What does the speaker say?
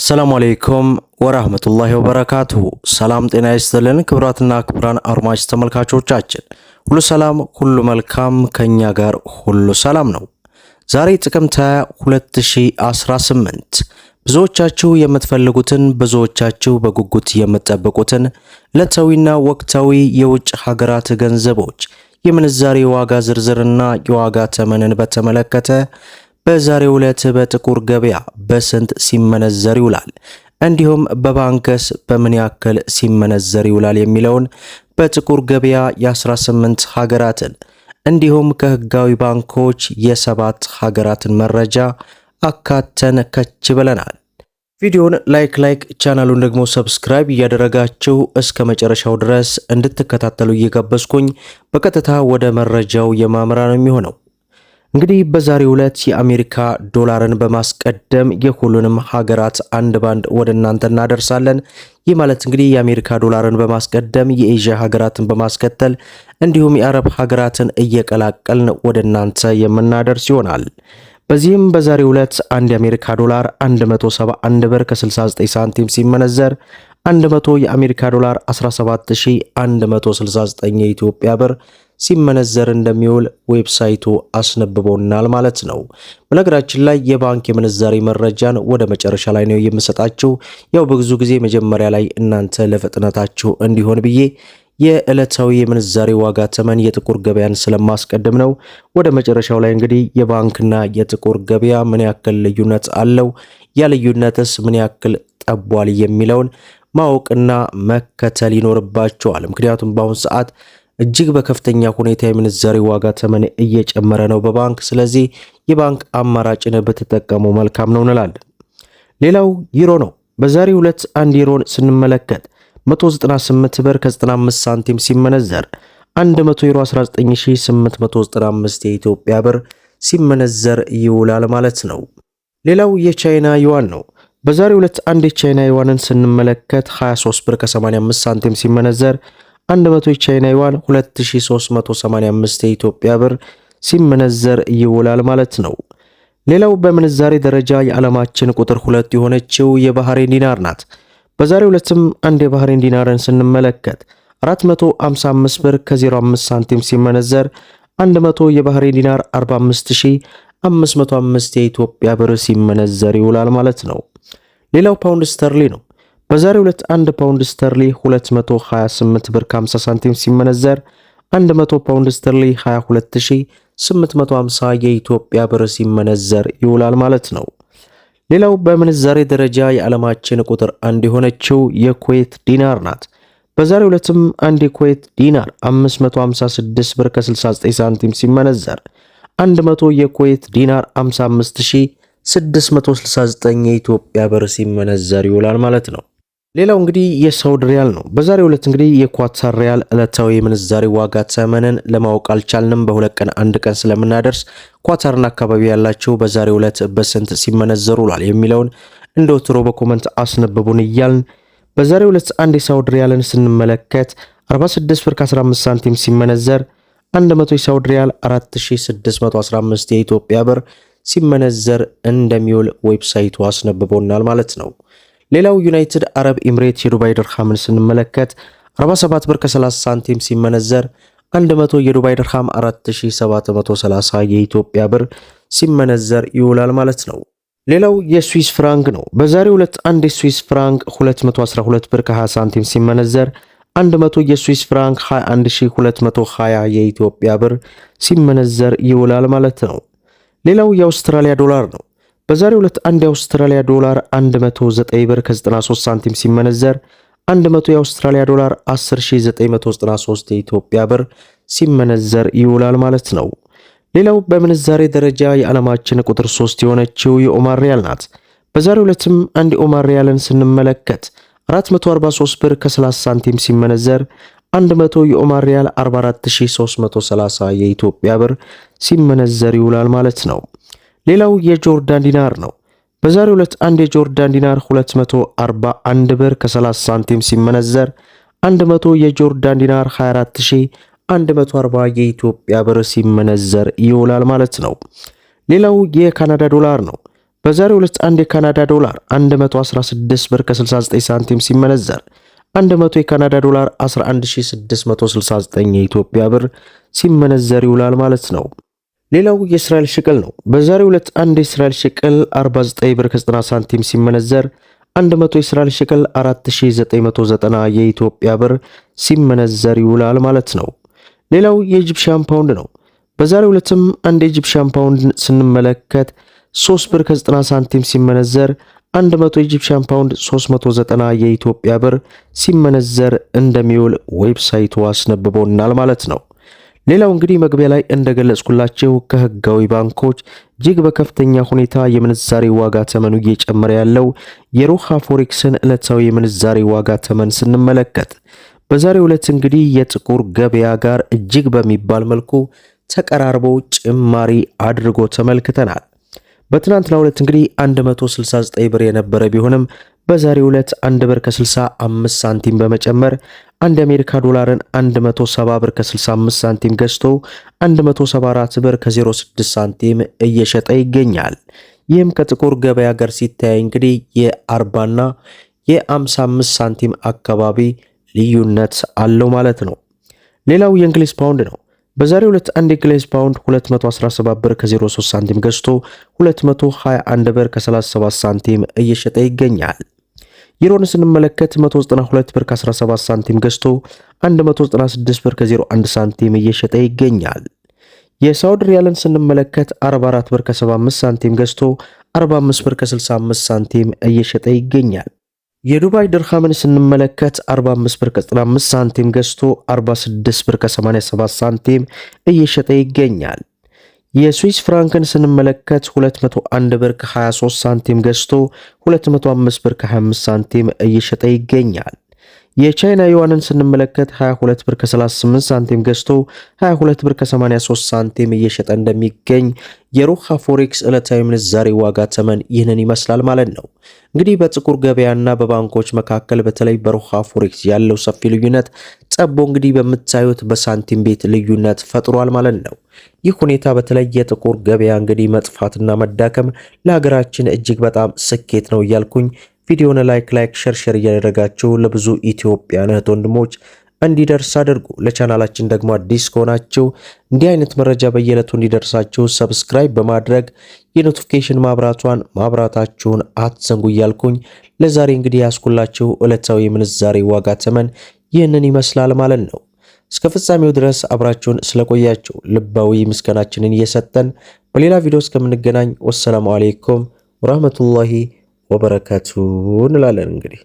አሰላሙ አሌይኩም ወራህመቱላሂ ወበረካቱሁ። ሰላም ጤና ይስጥልን ክብራትና ክብራን አድማጭ ተመልካቾቻችን ሁሉ ሰላም ሁሉ መልካም፣ ከኛ ጋር ሁሉ ሰላም ነው። ዛሬ ጥቅምት 2018 ብዙዎቻችሁ የምትፈልጉትን ብዙዎቻችሁ በጉጉት የምትጠብቁትን ዕለታዊና ወቅታዊ የውጭ ሀገራት ገንዘቦች የምንዛሬ ዋጋ ዝርዝርና የዋጋ ተመንን በተመለከተ በዛሬው ዕለት በጥቁር ገበያ በስንት ሲመነዘር ይውላል እንዲሁም በባንክስ በምን ያክል ሲመነዘር ይውላል የሚለውን በጥቁር ገበያ የ18 ሀገራትን እንዲሁም ከህጋዊ ባንኮች የሰባት ሀገራትን መረጃ አካተን ከች ብለናል። ቪዲዮውን ላይክ ላይክ ቻናሉን ደግሞ ሰብስክራይብ እያደረጋችሁ እስከ መጨረሻው ድረስ እንድትከታተሉ እየጋበዝኩኝ በቀጥታ ወደ መረጃው የማምራ ነው የሚሆነው። እንግዲህ በዛሬው ዕለት የአሜሪካ ዶላርን በማስቀደም የሁሉንም ሀገራት አንድ ባንድ ወደ እናንተ እናደርሳለን። ይህ ማለት እንግዲህ የአሜሪካ ዶላርን በማስቀደም የኤዥያ ሀገራትን በማስከተል እንዲሁም የአረብ ሀገራትን እየቀላቀልን ወደ እናንተ የምናደርስ ይሆናል። በዚህም በዛሬው ዕለት አንድ የአሜሪካ ዶላር 171 ብር ከ69 ሳንቲም ሲመነዘር 100 የአሜሪካ ዶላር 17169 የኢትዮጵያ ብር ሲመነዘር እንደሚውል ዌብሳይቱ አስነብቦናል ማለት ነው። በነገራችን ላይ የባንክ የምንዛሬ መረጃን ወደ መጨረሻ ላይ ነው የምሰጣችሁ። ያው በብዙ ጊዜ መጀመሪያ ላይ እናንተ ለፍጥነታችሁ እንዲሆን ብዬ የዕለታዊ የምንዛሬ ዋጋ ተመን የጥቁር ገበያን ስለማስቀድም ነው። ወደ መጨረሻው ላይ እንግዲህ የባንክና የጥቁር ገበያ ምን ያክል ልዩነት አለው፣ ያ ልዩነትስ ምን ያክል ጠቧል የሚለውን ማወቅና መከተል ይኖርባቸዋል። ምክንያቱም በአሁኑ ሰዓት እጅግ በከፍተኛ ሁኔታ የምንዛሬ ዋጋ ተመን እየጨመረ ነው በባንክ ስለዚህ የባንክ አማራጭን ብትጠቀሙ መልካም ነው እንላለን። ሌላው ዩሮ ነው። በዛሬ ሁለት አንድ ዩሮን ስንመለከት 198 ብር ከ95 ሳንቲም ሲመነዘር 100 ዩሮ 19895 የኢትዮጵያ ብር ሲመነዘር ይውላል ማለት ነው። ሌላው የቻይና ዩዋን ነው። በዛሬ ሁለት አንድ የቻይና ዩዋንን ስንመለከት 23 ብር ከ85 ሳንቲም ሲመነዘር 100 የቻይና ዩዋን 2385 የኢትዮጵያ ብር ሲመነዘር ይውላል ማለት ነው። ሌላው በምንዛሬ ደረጃ የዓለማችን ቁጥር ሁለት የሆነችው የባህሬን ዲናር ናት። በዛሬ ሁለትም አንድ የባህሬን ዲናርን ስንመለከት 455 ብር ከ05 ሳንቲም ሲመነዘር 100 የባህሬን ዲናር 45 505 የኢትዮጵያ ብር ሲመነዘር ይውላል ማለት ነው። ሌላው ፓውንድ ስተርሊ ነው። በዛሬው ዕለት 1 ፓውንድ ስተርሊ 228 ብር 50 ሳንቲም ሲመነዘር 100 ፓውንድ ስተርሊ 22850 የኢትዮጵያ ብር ሲመነዘር ይውላል ማለት ነው። ሌላው በምንዛሬ ደረጃ የዓለማችን ቁጥር አንድ የሆነችው የኩዌት ዲናር ናት። በዛሬው ዕለትም አንድ የኩዌት ዲናር 556 ብር ከ69 ሳንቲም ሲመነዘር 100 የኩዌት ዲናር 55669 የኢትዮጵያ ብር ሲመነዘር ይውላል ማለት ነው። ሌላው እንግዲህ የሳውድ ሪያል ነው። በዛሬ ሁለት እንግዲህ የኳታር ሪያል ዕለታዊ የምንዛሬ ዋጋ ተመንን ለማወቅ አልቻልንም። በሁለት ቀን አንድ ቀን ስለምናደርስ ኳታርና አካባቢ ያላቸው በዛሬ ሁለት በስንት ሲመነዘሩ ውሏል የሚለውን እንደ ወትሮ በኮመንት አስነብቡን እያልን በዛሬ ሁለት አንድ የሳውድ ሪያልን ስንመለከት 46 ብር ከ15 ሳንቲም ሲመነዘር 100 የሳውዲ ሪያል 4615 የኢትዮጵያ ብር ሲመነዘር እንደሚውል ዌብሳይቱ አስነብቦናል ማለት ነው። ሌላው ዩናይትድ አረብ ኤምሬት የዱባይ ድርሃምን ስንመለከት 47 ብር ከ30 ሳንቲም ሲመነዘር 100 የዱባይ ድርሃም 4730 የኢትዮጵያ ብር ሲመነዘር ይውላል ማለት ነው። ሌላው የስዊስ ፍራንክ ነው። በዛሬው ዕለት አንድ የስዊስ ፍራንክ 212 ብር ከ20 ሳንቲም ሲመነዘር 100 የስዊስ ፍራንክ 21220 የኢትዮጵያ ብር ሲመነዘር ይውላል ማለት ነው። ሌላው የአውስትራሊያ ዶላር ነው። በዛሬው ዕለት አንድ የአውስትራሊያ ዶላር 109 ብር ከ93 ሳንቲም ሲመነዘር 100 የአውስትራሊያ ዶላር 10993 የኢትዮጵያ ብር ሲመነዘር ይውላል ማለት ነው። ሌላው በምንዛሬ ደረጃ የዓለማችን ቁጥር 3 የሆነችው የኦማር ሪያል ናት። በዛሬው ዕለትም አንድ የኦማር ሪያልን ስንመለከት 443 ብር ከ30 ሳንቲም ሲመነዘር 100 የኦማር ሪያል 44330 የኢትዮጵያ ብር ሲመነዘር ይውላል ማለት ነው። ሌላው የጆርዳን ዲናር ነው። በዛሬው ዕለት አንድ የጆርዳን ዲናር 241 ብር ከ30 ሳንቲም ሲመነዘር 100 የጆርዳን ዲናር 24140 የኢትዮጵያ ብር ሲመነዘር ይውላል ማለት ነው። ሌላው የካናዳ ዶላር ነው። በዛሬው ዕለት አንድ የካናዳ ዶላር 116 ብር ከ69 ሳንቲም ሲመነዘር 100 የካናዳ ዶላር 11669 የኢትዮጵያ ብር ሲመነዘር ይውላል ማለት ነው። ሌላው የእስራኤል ሽቅል ነው። በዛሬው ዕለት አንድ የእስራኤል ሽቅል 49 ብር ከ90 ሳንቲም ሲመነዘር 100 የእስራኤል ሽቅል 4990 የኢትዮጵያ ብር ሲመነዘር ይውላል ማለት ነው። ሌላው የኢጂፕሽያን ፓውንድ ነው። በዛሬው ዕለትም አንድ የኢጂፕሽያን ፓውንድ ስንመለከት 3 ብር ከ90 ሳንቲም ሲመነዘር 100 ኢጂፕሽያን ፓውንድ 390 የኢትዮጵያ ብር ሲመነዘር እንደሚውል ዌብሳይቱ አስነብቦናል ማለት ነው። ሌላው እንግዲህ መግቢያ ላይ እንደገለጽኩላችሁ ከህጋዊ ባንኮች እጅግ በከፍተኛ ሁኔታ የምንዛሬ ዋጋ ተመኑ እየጨመረ ያለው የሮሃ ፎሬክስን ዕለታዊ የምንዛሬ ዋጋ ተመን ስንመለከት በዛሬው ዕለት እንግዲህ የጥቁር ገበያ ጋር እጅግ በሚባል መልኩ ተቀራርቦ ጭማሪ አድርጎ ተመልክተናል። በትናንትናው ዕለት እንግዲህ 169 ብር የነበረ ቢሆንም በዛሬው ዕለት 1 ብር ከ65 ሳንቲም በመጨመር አንድ አሜሪካ ዶላርን 170 ብር ከ65 ሳንቲም ገዝቶ 174 ብር ከ06 ሳንቲም እየሸጠ ይገኛል። ይህም ከጥቁር ገበያ ጋር ሲታይ እንግዲህ የ40ና የ55 ሳንቲም አካባቢ ልዩነት አለው ማለት ነው። ሌላው የእንግሊዝ ፓውንድ ነው። በዛሬው ዕለት አንድ የእንግሊዝ ፓውንድ 217 ብር ከ03 ሳንቲም ገዝቶ 221 ብር ከ37 ሳንቲም እየሸጠ ይገኛል። ዩሮን ስንመለከት 192 ብር ከ17 ሳንቲም ገዝቶ 196 ብር ከ01 ሳንቲም እየሸጠ ይገኛል። የሳውዲ ሪያልን ስንመለከት 44 ብር ከ75 ሳንቲም ገዝቶ 45 ብር ከ65 ሳንቲም እየሸጠ ይገኛል። የዱባይ ድርሃምን ስንመለከት 45 ብር ከ95 ሳንቲም ገዝቶ 46 ብር ከ87 ሳንቲም እየሸጠ ይገኛል። የስዊስ ፍራንክን ስንመለከት 201 ብር ከ23 ሳንቲም ገዝቶ 205 ብር ከ25 ሳንቲም እየሸጠ ይገኛል። የቻይና ዩዋንን ስንመለከት 22 ብር ከ38 ሳንቲም ገዝቶ 22 ብር ከ83 ሳንቲም እየሸጠ እንደሚገኝ የሮሃ ፎሬክስ ዕለታዊ ምንዛሬ ዋጋ ተመን ይህንን ይመስላል ማለት ነው። እንግዲህ በጥቁር ገበያና በባንኮች መካከል በተለይ በሮሃ ፎሬክስ ያለው ሰፊ ልዩነት ጠቦ እንግዲህ በምታዩት በሳንቲም ቤት ልዩነት ፈጥሯል ማለት ነው። ይህ ሁኔታ በተለይ የጥቁር ገበያ እንግዲህ መጥፋትና መዳከም ለሀገራችን እጅግ በጣም ስኬት ነው እያልኩኝ ቪዲዮውን ላይክ ላይክ ሸር ሸር እያደረጋችሁ ለብዙ ኢትዮጵያን እህት ወንድሞች እንዲደርስ አድርጉ። ለቻናላችን ደግሞ አዲስ ከሆናችሁ እንዲህ አይነት መረጃ በየዕለቱ እንዲደርሳችሁ ሰብስክራይብ በማድረግ የኖቲፊኬሽን ማብራቷን ማብራታችሁን አትዘንጉ እያልኩኝ ለዛሬ እንግዲህ ያስኩላችሁ ዕለታዊ የምንዛሬ ዋጋ ተመን ይህንን ይመስላል ማለት ነው። እስከ ፍጻሜው ድረስ አብራችሁን ስለቆያችሁ ልባዊ ምስጋናችንን እየሰጠን በሌላ ቪዲዮ እስከምንገናኝ ወሰላሙ አሌይኩም ወራህመቱላሂ ወበረከቱ እንላለን እንግዲህ